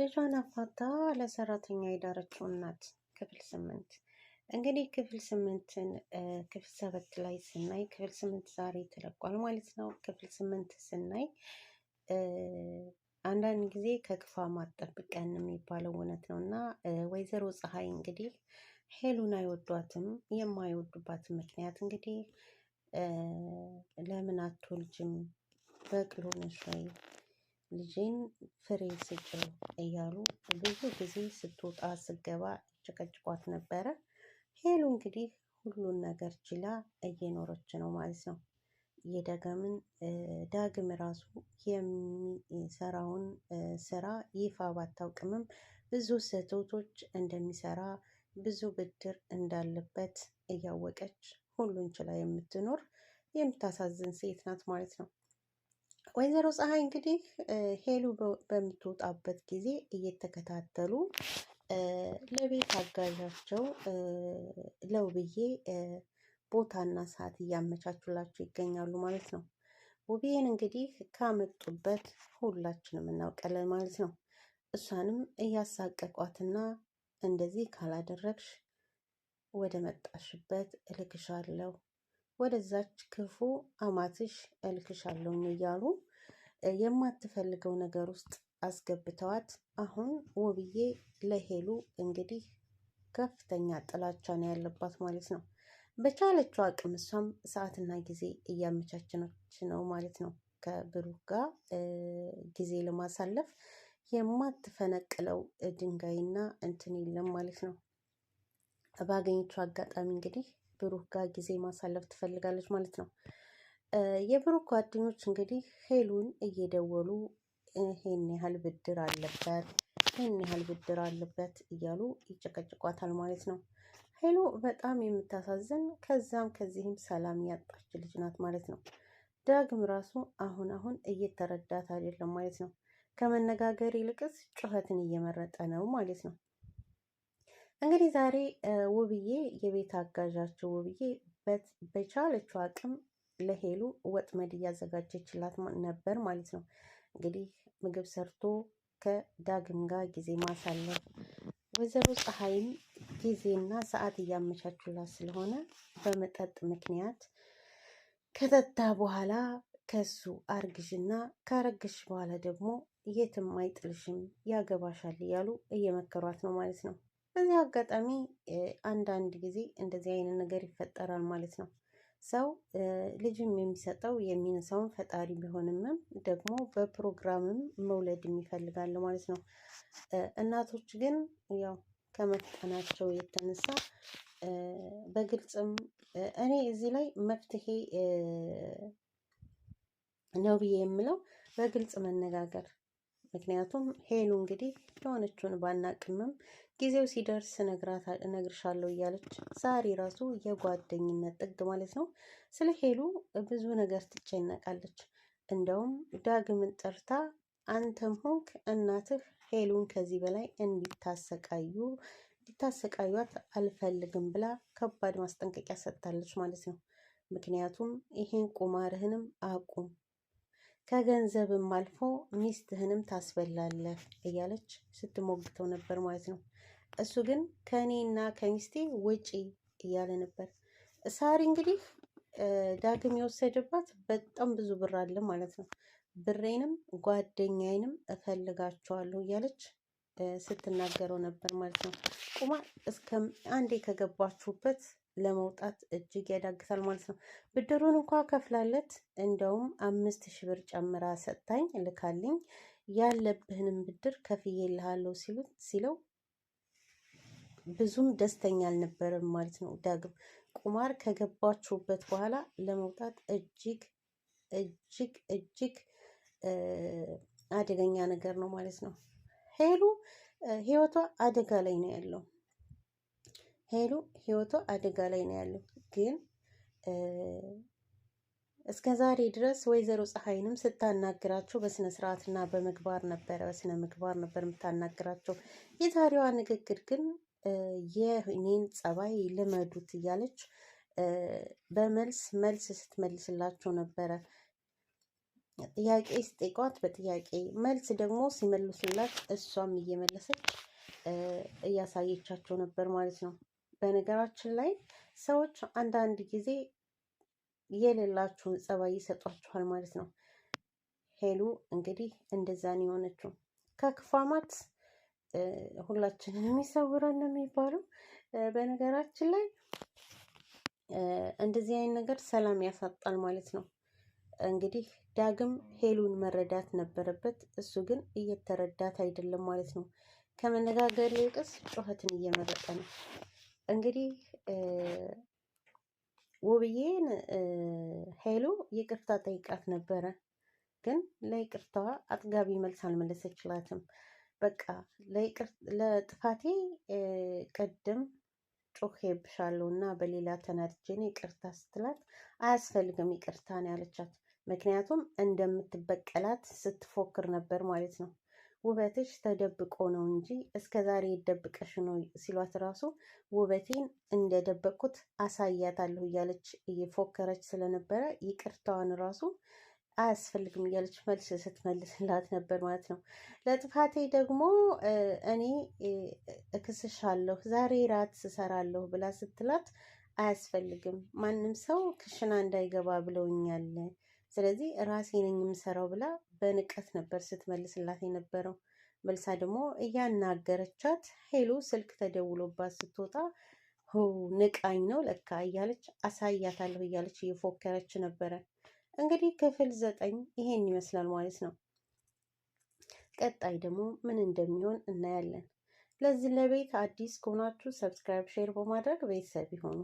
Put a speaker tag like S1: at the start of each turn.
S1: ልጇን አፋታ ለሰራተኛ የዳረችው እናት ክፍል ስምንት እንግዲህ ክፍል ስምንትን ክፍል ሰበት ላይ ስናይ ክፍል ስምንት ዛሬ ተለቋል ማለት ነው። ክፍል ስምንት ስናይ አንዳንድ ጊዜ ከክፋ ማጠብቀን የሚባለው እውነት ነው እና ወይዘሮ ፀሐይ እንግዲህ ሄሉን አይወዷትም። የማይወዱባት ምክንያት እንግዲህ ለምን አትወልጅም? በቅሎ ነሽ ወይ ልጄን ፍሬ ስጭኝ እያሉ ብዙ ጊዜ ስትወጣ ስገባ ጭቀጭቋት ነበረ። ሄሉ እንግዲህ ሁሉን ነገር ችላ እየኖረች ነው ማለት ነው። የደገምን ዳግም ራሱ የሚሰራውን ስራ ይፋ ባታውቅምም ብዙ ስህተቶች እንደሚሰራ ብዙ ብድር እንዳለበት እያወቀች ሁሉን ችላ የምትኖር የምታሳዝን ሴት ናት ማለት ነው። ወይዘሮ ፀሐይ እንግዲህ ሄሉ በምትወጣበት ጊዜ እየተከታተሉ ለቤት አጋዣቸው ለውብዬ ቦታና ሰዓት እያመቻቹላቸው ይገኛሉ ማለት ነው። ውብዬን እንግዲህ ካመጡበት ሁላችንም እናውቀለን ማለት ነው። እሷንም እያሳቀቋትና እንደዚህ ካላደረግሽ ወደ መጣሽበት እልክሻለሁ ወደዛች ክፉ አማትሽ እልክሻለሁ እያሉ የማትፈልገው ነገር ውስጥ አስገብተዋት አሁን ውብዬ ለሄሉ እንግዲህ ከፍተኛ ጥላቻ ነው ያለባት ማለት ነው። በቻለችው አቅም እሷም ሰዓትና ጊዜ እያመቻችነች ነው ማለት ነው። ከብሩክ ጋር ጊዜ ለማሳለፍ የማትፈነቅለው ድንጋይና እንትን የለም ማለት ነው። ባገኘችው አጋጣሚ እንግዲህ ብሩክ ጋር ጊዜ ማሳለፍ ትፈልጋለች ማለት ነው። የብሩክ ጓደኞች እንግዲህ ሄሉን እየደወሉ ይሄን ያህል ብድር አለበት፣ ይህን ያህል ብድር አለበት እያሉ ይጨቀጭቋታል ማለት ነው። ሄሉ በጣም የምታሳዝን ከዛም ከዚህም ሰላም ያጣች ልጅ ናት ማለት ነው። ዳግም ራሱ አሁን አሁን እየተረዳት አይደለም ማለት ነው። ከመነጋገር ይልቅስ ጩኸትን እየመረጠ ነው ማለት ነው። እንግዲህ ዛሬ ውብዬ የቤት አጋዣቸው ውብዬ በቻለችው አቅም ለሄሉ ወጥመድ እያዘጋጀችላት ነበር ማለት ነው። እንግዲህ ምግብ ሰርቶ ከዳግም ጋር ጊዜ ማሳለፍ፣ ወይዘሮ ፀሐይም ጊዜና ሰዓት እያመቻቹላት ስለሆነ በመጠጥ ምክንያት ከጠጣ በኋላ ከሱ አርግዥና ካረግሽ በኋላ ደግሞ የትም አይጥልሽም ያገባሻል እያሉ እየመከሯት ነው ማለት ነው። በዚህ አጋጣሚ አንዳንድ ጊዜ እንደዚህ አይነት ነገር ይፈጠራል ማለት ነው። ሰው ልጅም የሚሰጠው የሚነሳውን ፈጣሪ ቢሆንም ደግሞ በፕሮግራምም መውለድ የሚፈልጋል ማለት ነው። እናቶች ግን ያው ከመፍጠናቸው የተነሳ በግልጽም እኔ እዚህ ላይ መፍትሄ ነው ብዬ የምለው በግልጽ መነጋገር ምክንያቱም ሄሉ እንግዲህ የሆነችውን ባናቅምም ጊዜው ሲደርስ እነግርሻለሁ እያለች ዛሬ ራሱ የጓደኝነት ጥግ ማለት ነው። ስለ ሄሉ ብዙ ነገር ትጨነቃለች። እንደውም ዳግምን ጠርታ አንተም ሆንክ እናትህ ሄሉን ከዚህ በላይ እንዲታሰቃዩ እንዲታሰቃዩት አልፈልግም ብላ ከባድ ማስጠንቀቂያ ሰጥታለች ማለት ነው። ምክንያቱም ይህን ቁማርህንም አቁም ከገንዘብም አልፎ ሚስትህንም ታስበላለህ እያለች ስትሞግተው ነበር ማለት ነው። እሱ ግን ከእኔና ከሚስቴ ውጪ እያለ ነበር። ሳሪ እንግዲህ ዳግም የወሰደባት በጣም ብዙ ብር አለ ማለት ነው። ብሬንም ጓደኛዬንም እፈልጋቸዋለሁ እያለች ስትናገረው ነበር ማለት ነው። ቁማ እስከ አንዴ ከገባችሁበት ለመውጣት እጅግ ያዳግታል ማለት ነው። ብድሩን እንኳ ከፍላለት እንደውም አምስት ሺህ ብር ጨምራ ሰጥታኝ ልካልኝ ያለብህንም ብድር ከፍዬ ልሃለሁ ሲለው ብዙም ደስተኛ አልነበረም ማለት ነው። ዳግም ቁማር ከገባችሁበት በኋላ ለመውጣት እጅግ እጅግ እጅግ አደገኛ ነገር ነው ማለት ነው። ሄሉ ህይወቷ አደጋ ላይ ነው ያለው። ሄሉ ህይወቷ አደጋ ላይ ነው ያለው። ግን እስከ ዛሬ ድረስ ወይዘሮ ፀሐይንም ስታናግራቸው በስነ ስርዓትና በምግባር ነበረ፣ በስነ ምግባር ነበር የምታናግራቸው። የዛሬዋ ንግግር ግን የኔን ጸባይ ልመዱት እያለች በመልስ መልስ ስትመልስላቸው ነበረ። ጥያቄ ስጠይቋት በጥያቄ መልስ ደግሞ ሲመልሱላት እሷም እየመለሰች እያሳየቻቸው ነበር ማለት ነው። በነገራችን ላይ ሰዎች አንዳንድ ጊዜ የሌላችሁን ጸባይ ይሰጧችኋል ማለት ነው። ሄሉ እንግዲህ እንደዛን የሆነችው ከክፋማት ሁላችንን የሚሰውረን ነው የሚባለው። በነገራችን ላይ እንደዚህ አይነት ነገር ሰላም ያሳጣል ማለት ነው። እንግዲህ ዳግም ሄሉን መረዳት ነበረበት፣ እሱ ግን እየተረዳት አይደለም ማለት ነው። ከመነጋገር ይልቅስ ጩኸትን እየመረጠ ነው። እንግዲህ ውብዬን ሄሉ ይቅርታ ጠይቃት ነበረ፣ ግን ለይቅርታዋ አጥጋቢ መልስ አልመለሰችላትም። በቃ ለጥፋቴ ቅድም ጮኬብሻለሁ እና በሌላ ተናድጄን ይቅርታ ስትላት አያስፈልግም ይቅርታ ነው ያለቻት። ምክንያቱም እንደምትበቀላት ስትፎክር ነበር ማለት ነው። ውበትሽ ተደብቆ ነው እንጂ እስከ ዛሬ የደብቀሽ ነው ሲሏት ራሱ ውበቴን እንደደበቅኩት አሳያታለሁ እያለች እየፎከረች ስለነበረ ይቅርታዋን ራሱ አያስፈልግም እያለች መልስ ስትመልስላት ነበር ማለት ነው። ለጥፋቴ ደግሞ እኔ እክስሻለሁ ዛሬ ራት ስሰራለሁ ብላ ስትላት አያስፈልግም ማንም ሰው ክሽና እንዳይገባ ብለውኛል። ስለዚህ ራሴ ነኝ የምሰራው ብላ በንቀት ነበር ስትመልስላት የነበረው። መልሳ ደግሞ እያናገረቻት ሄሎ ስልክ ተደውሎባት ስትወጣ ንቃኝ ነው ለካ እያለች አሳያታለሁ እያለች እየፎከረች ነበረ። እንግዲህ ክፍል ዘጠኝ ይሄን ይመስላል ማለት ነው። ቀጣይ ደግሞ ምን እንደሚሆን እናያለን። ለዚህ ለቤት አዲስ ከሆናችሁ ሰብስክራይብ፣ ሼር በማድረግ ቤተሰብ ይሆኑ።